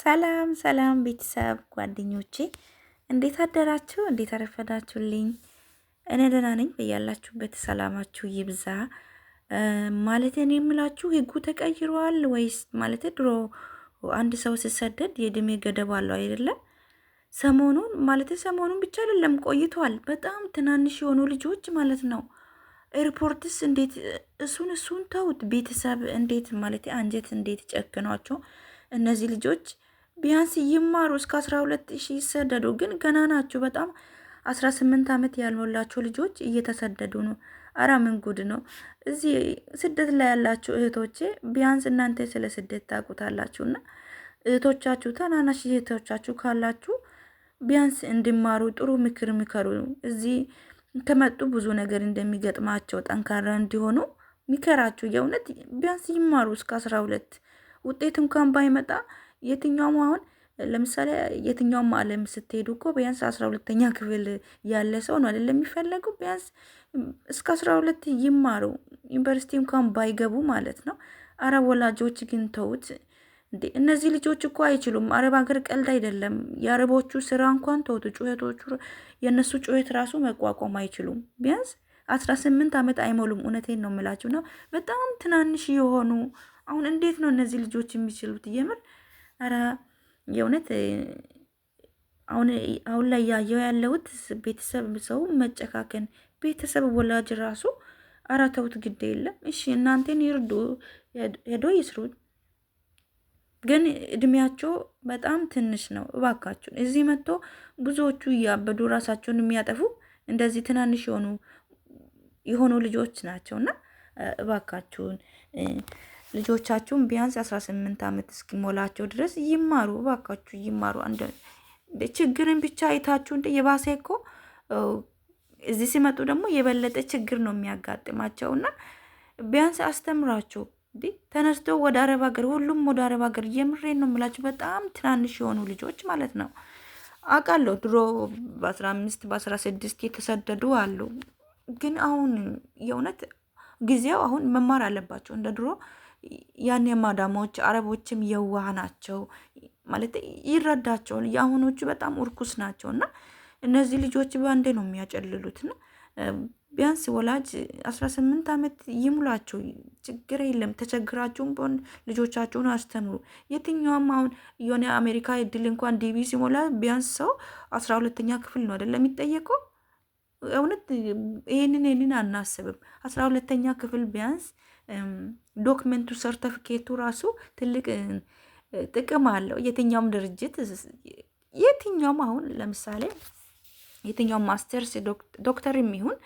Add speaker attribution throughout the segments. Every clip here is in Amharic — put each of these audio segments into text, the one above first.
Speaker 1: ሰላም ሰላም ቤተሰብ ጓደኞቼ እንዴት አደራችሁ? እንዴት አረፈዳችሁልኝ? እኔ ደህና ነኝ። በያላችሁበት ሰላማችሁ ይብዛ። ማለት እኔ የምላችሁ ህጉ ተቀይሯል ወይስ ማለት ድሮ አንድ ሰው ሲሰደድ የእድሜ ገደብ አለው አይደለም? ሰሞኑን ማለት ሰሞኑን ብቻ አይደለም ቆይቷል። በጣም ትናንሽ የሆኑ ልጆች ማለት ነው ኤርፖርትስ እንዴት እሱን እሱን ተውት። ቤተሰብ እንዴት ማለት አንጀት እንዴት ጨክኗቸው እነዚህ ልጆች ቢያንስ ይማሩ እስከ 12 ሺ ይሰደዱ። ግን ገና ናችሁ። በጣም አስራ ስምንት ዓመት ያልሞላችሁ ልጆች እየተሰደዱ ነው። አራ ምን ጉድ ነው! እዚህ ስደት ላይ ያላችሁ እህቶቼ ቢያንስ እናንተ ስለ ስደት ታውቁታላችሁና እህቶቻችሁ፣ ተናናሽ እህቶቻችሁ ካላችሁ ቢያንስ እንዲማሩ ጥሩ ምክር ምከሩ። እዚህ ከመጡ ብዙ ነገር እንደሚገጥማቸው ጠንካራ እንዲሆኑ ምከራችሁ። የእውነት ቢያንስ ይማሩ እስከ 12 ውጤት እንኳን ባይመጣ የትኛውም አሁን ለምሳሌ የትኛውም ዓለም ስትሄዱ እኮ ቢያንስ አስራ ሁለተኛ ክፍል ያለ ሰው ነው አይደለም የሚፈለገው። ቢያንስ እስከ አስራ ሁለት ይማሩ ዩኒቨርሲቲ እንኳን ባይገቡ ማለት ነው። አረብ ወላጆች ግን ተውት እንዴ! እነዚህ ልጆች እኮ አይችሉም። አረብ ሀገር ቀልድ አይደለም። የአረቦቹ ስራ እንኳን ተውት፣ ጩኸቶቹ የእነሱ ጩኸት ራሱ መቋቋም አይችሉም። ቢያንስ አስራ ስምንት ዓመት አይሞሉም። እውነቴን ነው የምላችሁ ነው። በጣም ትናንሽ የሆኑ አሁን እንዴት ነው እነዚህ ልጆች የሚችሉት? የምር ኧረ የእውነት አሁን አሁን ላይ ያየው ያለውት ቤተሰብ ሰው መጨካከን፣ ቤተሰብ ወላጅ ራሱ ኧረ ተውት፣ ግድ የለም እሺ፣ እናንተን ይርዱ፣ ሄዶ ይስሩ፣ ግን እድሜያቸው በጣም ትንሽ ነው። እባካችሁን እዚህ መጥቶ ብዙዎቹ እያበዱ ራሳቸውን የሚያጠፉ እንደዚህ ትናንሽ የሆኑ የሆኑ ልጆች ናቸውና እባካችሁን ልጆቻችሁን ቢያንስ 18 ዓመት እስኪሞላቸው ድረስ ይማሩ፣ እባካችሁ ይማሩ። ችግርን ብቻ አይታችሁ እንደ የባሰ እኮ እዚህ ሲመጡ ደግሞ የበለጠ ችግር ነው የሚያጋጥማቸው እና ቢያንስ አስተምራችሁ ተነስቶ ወደ አረብ ሀገር ሁሉም ወደ አረብ ሀገር የምሬን ነው የምላችሁ። በጣም ትናንሽ የሆኑ ልጆች ማለት ነው። አውቃለሁ ድሮ በ15 በ16 የተሰደዱ አሉ። ግን አሁን የእውነት ጊዜው አሁን መማር አለባቸው እንደ ድሮ ያኔ ማዳሞች አረቦችም የዋህ ናቸው ማለት ይረዳቸዋል። የአሁኖቹ በጣም እርኩስ ናቸው እና እነዚህ ልጆች በአንዴ ነው የሚያጨልሉትና ቢያንስ ወላጅ አስራ ስምንት ዓመት ይሙላቸው ችግር የለም ተቸግራችሁም በሆን ልጆቻችሁን አስተምሩ። የትኛውም አሁን የሆነ አሜሪካ እድል እንኳን ዲቪ ሲሞላ ቢያንስ ሰው አስራ ሁለተኛ ክፍል ነው አይደለም የሚጠየቀው። እውነት ይህንን ይህንን አናስብም። አስራ ሁለተኛ ክፍል ቢያንስ ዶክመንቱ ሰርተፍኬቱ ራሱ ትልቅ ጥቅም አለው። የትኛውም ድርጅት የትኛውም አሁን ለምሳሌ የትኛውም ማስተርስ ዶክተር የሚሆን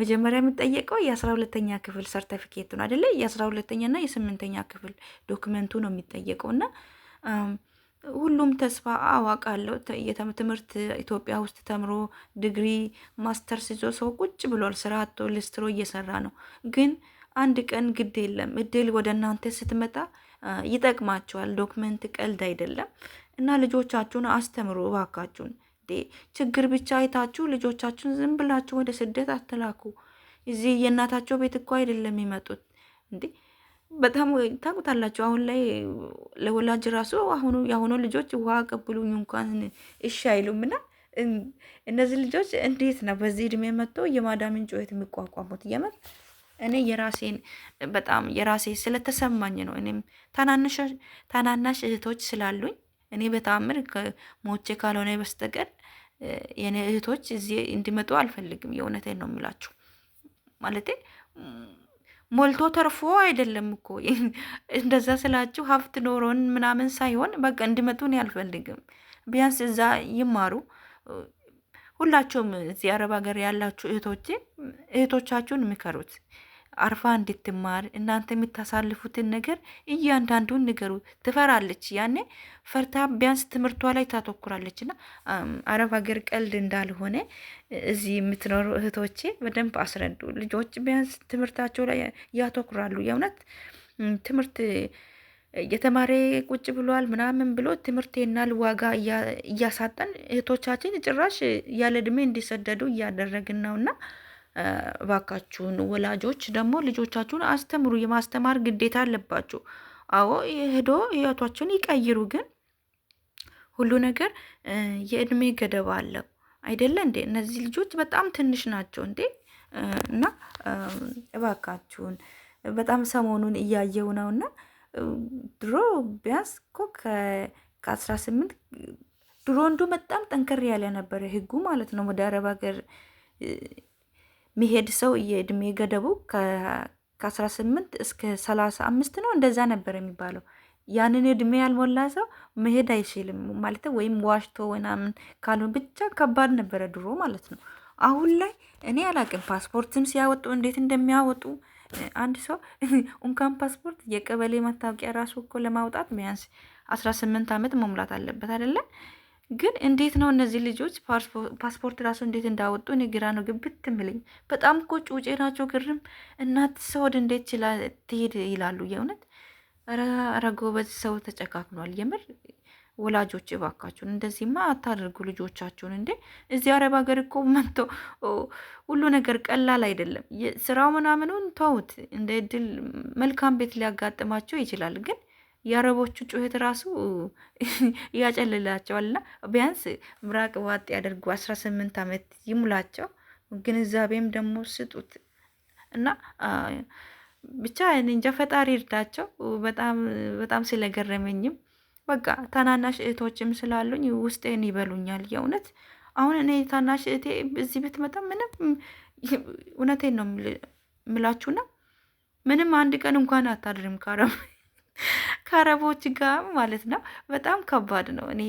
Speaker 1: መጀመሪያ የምጠየቀው የአስራ ሁለተኛ ክፍል ሰርተፊኬት ነው አደለ? የአስራ ሁለተኛ እና የስምንተኛ ክፍል ዶክመንቱ ነው የሚጠየቀው እና ሁሉም ተስፋ አዋቃለሁ። ትምህርት ኢትዮጵያ ውስጥ ተምሮ ዲግሪ ማስተርስ ይዞ ሰው ቁጭ ብሏል። ስራ አቶ ልስትሮ እየሰራ ነው ግን አንድ ቀን ግድ የለም እድል ወደ እናንተ ስትመጣ ይጠቅማቸዋል። ዶክመንት ቀልድ አይደለም እና ልጆቻችሁን አስተምሩ እባካችሁን። ችግር ብቻ አይታችሁ ልጆቻችሁን ዝም ብላችሁ ወደ ስደት አትላኩ። እዚህ የእናታቸው ቤት እኮ አይደለም የሚመጡት እንዴ። በጣም ታውቁታላችሁ። አሁን ላይ ለወላጅ ራሱ አሁኑ የአሁኑ ልጆች ውሃ ቀብሉኝ እንኳን እሺ አይሉም እና እነዚህ ልጆች እንዴት ነው በዚህ እድሜ መጥተው የማዳምን ጩኸት የሚቋቋሙት? የምር እኔ የራሴን በጣም የራሴ ስለተሰማኝ ነው። እኔም ታናናሽ እህቶች ስላሉኝ እኔ በተአምር ሞቼ ካልሆነ በስተቀር የኔ እህቶች እዚህ እንዲመጡ አልፈልግም። የእውነቴን ነው የምላችሁ። ማለቴ ሞልቶ ተርፎ አይደለም እኮ እንደዛ ስላችሁ ሀብት ኖሮን ምናምን ሳይሆን በቃ እንዲመጡ እኔ አልፈልግም። ቢያንስ እዛ ይማሩ ሁላችሁም እዚህ አረብ ሀገር ያላችሁ እህቶቼ እህቶቻችሁን ምከሩት። አርፋ እንድትማር እናንተ የምታሳልፉትን ነገር እያንዳንዱን ንገሩ። ትፈራለች፣ ያኔ ፈርታ ቢያንስ ትምህርቷ ላይ ታተኩራለች። እና አረብ ሀገር ቀልድ እንዳልሆነ እዚህ የምትኖሩ እህቶቼ በደንብ አስረዱ። ልጆች ቢያንስ ትምህርታቸው ላይ ያተኩራሉ። የእውነት ትምህርት የተማረ ቁጭ ብሏል ምናምን ብሎ ትምህርቴና ልዋጋ እያሳጠን እህቶቻችን ጭራሽ ያለ እድሜ እንዲሰደዱ እያደረግን ነውና ባካችሁን ወላጆች ደግሞ ልጆቻችሁን አስተምሩ። የማስተማር ግዴታ አለባችሁ። አዎ ሄዶ ህይወታችሁን ይቀይሩ። ግን ሁሉ ነገር የእድሜ ገደብ አለው አይደለ እንዴ? እነዚህ ልጆች በጣም ትንሽ ናቸው እንዴ። እና እባካችሁን በጣም ሰሞኑን እያየው ነውና ድሮ ቢያንስ እኮ ከአስራ ስምንት ድሮ እንዱ በጣም ጠንከር ያለ ነበረ ህጉ ማለት ነው። ወደ አረብ ሀገር የሚሄድ ሰው የእድሜ ገደቡ ከአስራ ስምንት እስከ ሰላሳ አምስት ነው እንደዛ ነበር የሚባለው። ያንን እድሜ ያልሞላ ሰው መሄድ አይችልም ማለት ወይም ዋሽቶ ምናምን ካልሆነ ብቻ ከባድ ነበረ ድሮ ማለት ነው። አሁን ላይ እኔ አላቅም ፓስፖርትም ሲያወጡ እንዴት እንደሚያወጡ አንድ ሰው እንኳን ፓስፖርት የቀበሌ መታወቂያ ራሱ እኮ ለማውጣት ቢያንስ አስራ ስምንት ዓመት መሙላት አለበት አይደለ? ግን እንዴት ነው እነዚህ ልጆች ፓስፖርት ራሱ እንዴት እንዳወጡ እኔ ግራ ነው ግብት እምልኝ። በጣም እኮ ጩጬ ናቸው። ግርም እናት ሰወድ እንዴት ችላ ትሄድ ይላሉ። የእውነት ኧረ ሰው ተጨካክኗል የምር ወላጆች እባካችሁን እንደዚህማ አታደርጉ ልጆቻችሁን። እንዴ እዚህ አረብ ሀገር እኮ መጥቶ ሁሉ ነገር ቀላል አይደለም። ስራው ምናምኑን ተውት፣ እንደ እድል መልካም ቤት ሊያጋጥማቸው ይችላል። ግን የአረቦቹ ጩኸት ራሱ ያጨልላቸዋልና ቢያንስ ምራቅ ዋጥ ያደርጉ፣ አስራ ስምንት ዓመት ይሙላቸው። ግንዛቤም ደግሞ ስጡት እና ብቻ እንጃ ፈጣሪ እርዳቸው። በጣም በጣም ስለገረመኝም በቃ ታናናሽ እህቶችም ስላሉኝ ውስጤን ይበሉኛል። የእውነት አሁን እኔ ታናሽ እህቴ እዚህ ብትመጣ ምንም እውነቴን ነው ምላችሁና ምንም አንድ ቀን እንኳን አታድርም ከአረብ ከአረቦች ጋር ማለት ነው። በጣም ከባድ ነው። እኔ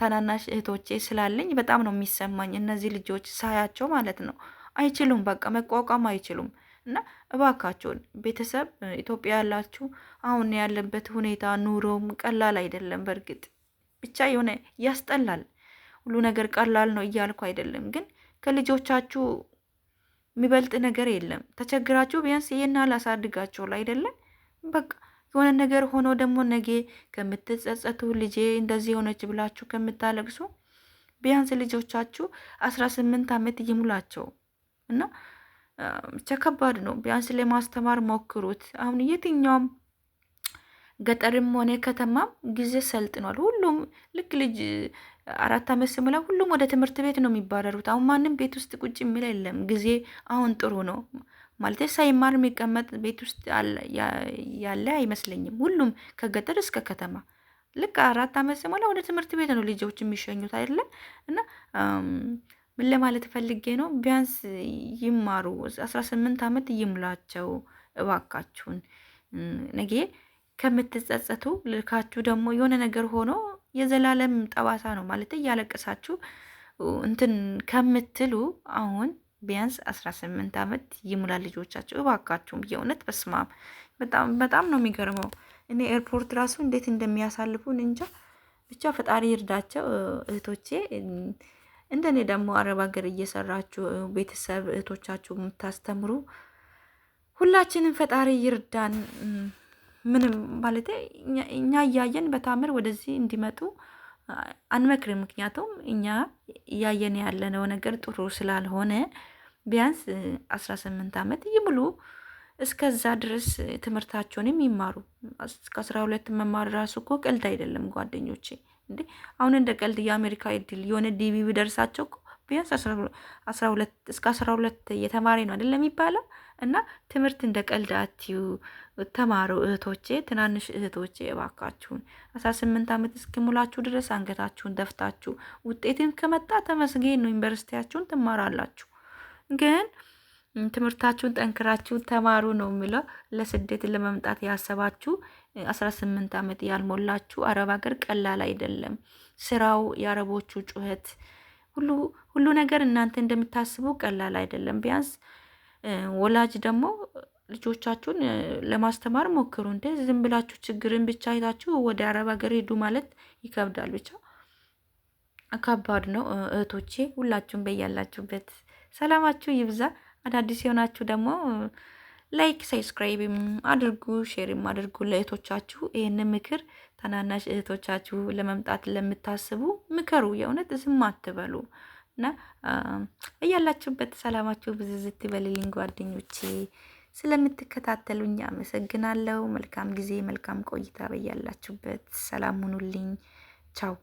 Speaker 1: ታናናሽ እህቶቼ ስላለኝ በጣም ነው የሚሰማኝ። እነዚህ ልጆች ሳያቸው ማለት ነው አይችሉም፣ በቃ መቋቋም አይችሉም። እና እባካቸውን ቤተሰብ ኢትዮጵያ ያላችሁ አሁን ያለበት ሁኔታ ኑሮም ቀላል አይደለም። በእርግጥ ብቻ የሆነ ያስጠላል። ሁሉ ነገር ቀላል ነው እያልኩ አይደለም፣ ግን ከልጆቻችሁ የሚበልጥ ነገር የለም። ተቸግራችሁ ቢያንስ ይህን አላሳድጋችሁ አይደለም በቃ የሆነ ነገር ሆኖ ደግሞ ነጌ ከምትጸጸቱ ልጄ እንደዚህ የሆነች ብላችሁ ከምታለቅሱ ቢያንስ ልጆቻችሁ አስራ ስምንት ዓመት ይሙላቸው እና ብቻ ከባድ ነው። ቢያንስ ለማስተማር ሞክሩት። አሁን የትኛውም ገጠርም ሆነ ከተማም ጊዜ ሰልጥኗል። ሁሉም ልክ ልጅ አራት ዓመት ስሙላ ሁሉም ወደ ትምህርት ቤት ነው የሚባረሩት። አሁን ማንም ቤት ውስጥ ቁጭ የሚል የለም። ጊዜ አሁን ጥሩ ነው ማለት ሳይማር የሚቀመጥ ቤት ውስጥ ያለ አይመስለኝም። ሁሉም ከገጠር እስከ ከተማ ልክ አራት ዓመት ሲሞላ ወደ ትምህርት ቤት ነው ልጆች የሚሸኙት አይደለም? እና ምን ለማለት ፈልጌ ነው? ቢያንስ ይማሩ፣ አስራ ስምንት ዓመት ይሙላቸው እባካችሁን። ነገ ከምትጸጸቱ ልካችሁ ደግሞ የሆነ ነገር ሆኖ የዘላለም ጠባሳ ነው ማለት እያለቀሳችሁ እንትን ከምትሉ አሁን ቢያንስ አስራ ስምንት ዓመት ይሙላ ልጆቻቸው እባካችሁም። የእውነት በስማም በጣም ነው የሚገርመው። እኔ ኤርፖርት ራሱ እንዴት እንደሚያሳልፉን እንጃ። ብቻ ፈጣሪ ይርዳቸው እህቶቼ። እንደኔ ደግሞ አረብ ሀገር እየሰራችሁ ቤተሰብ እህቶቻችሁ የምታስተምሩ ሁላችንም ፈጣሪ ይርዳን። ምንም ማለት እኛ እያየን በታምር ወደዚህ እንዲመጡ አንመክርም። ምክንያቱም እኛ እያየን ያለነው ነገር ጥሩ ስላልሆነ ቢያንስ አስራ ስምንት ዓመት ይሙሉ እስከዛ ድረስ ትምህርታቸውንም ይማሩ። እስከ አስራ ሁለት መማር ራሱ እኮ ቀልድ አይደለም ጓደኞቼ። እንዴ አሁን እንደ ቀልድ የአሜሪካ እድል የሆነ ዲቪ ቢደርሳቸው ቢያንስ አስራ ሁለት እስከ አስራ ሁለት የተማሪ ነው አይደለም የሚባለው። እና ትምህርት እንደ ቀልድ አትዩ፣ ተማሩ እህቶቼ፣ ትናንሽ እህቶቼ እባካችሁን አስራ ስምንት ዓመት እስኪሙላችሁ ድረስ አንገታችሁን ደፍታችሁ ውጤትን ከመጣ ተመስገን ነው፣ ዩኒቨርሲቲያችሁን ትማራላችሁ ግን ትምህርታችሁን ጠንክራችሁ ተማሩ ነው የሚለው። ለስደት ለመምጣት ያሰባችሁ አስራ ስምንት ዓመት ያልሞላችሁ አረብ ሀገር ቀላል አይደለም። ስራው፣ የአረቦቹ ጩኸት፣ ሁሉ ሁሉ ነገር እናንተ እንደምታስቡ ቀላል አይደለም። ቢያንስ ወላጅ ደግሞ ልጆቻችሁን ለማስተማር ሞክሩ። እንደ ዝም ብላችሁ ችግርን ብቻ አይታችሁ ወደ አረብ ሀገር ሄዱ ማለት ይከብዳል። ብቻ ከባድ ነው እህቶቼ። ሁላችሁም በያላችሁበት ሰላማችሁ ይብዛ። አዳዲስ የሆናችሁ ደግሞ ላይክ ሰብስክራይብም አድርጉ፣ ሼርም አድርጉ። ለእህቶቻችሁ ይህን ምክር ታናናሽ እህቶቻችሁ ለመምጣት ለምታስቡ ምከሩ። የእውነት ዝም አትበሉ እና እያላችሁበት ሰላማችሁ ብዝዝት ይበልልኝ ጓደኞቼ። ስለምትከታተሉኝ አመሰግናለሁ። መልካም ጊዜ፣ መልካም ቆይታ። በያላችሁበት ሰላም ሁኑልኝ። ቻው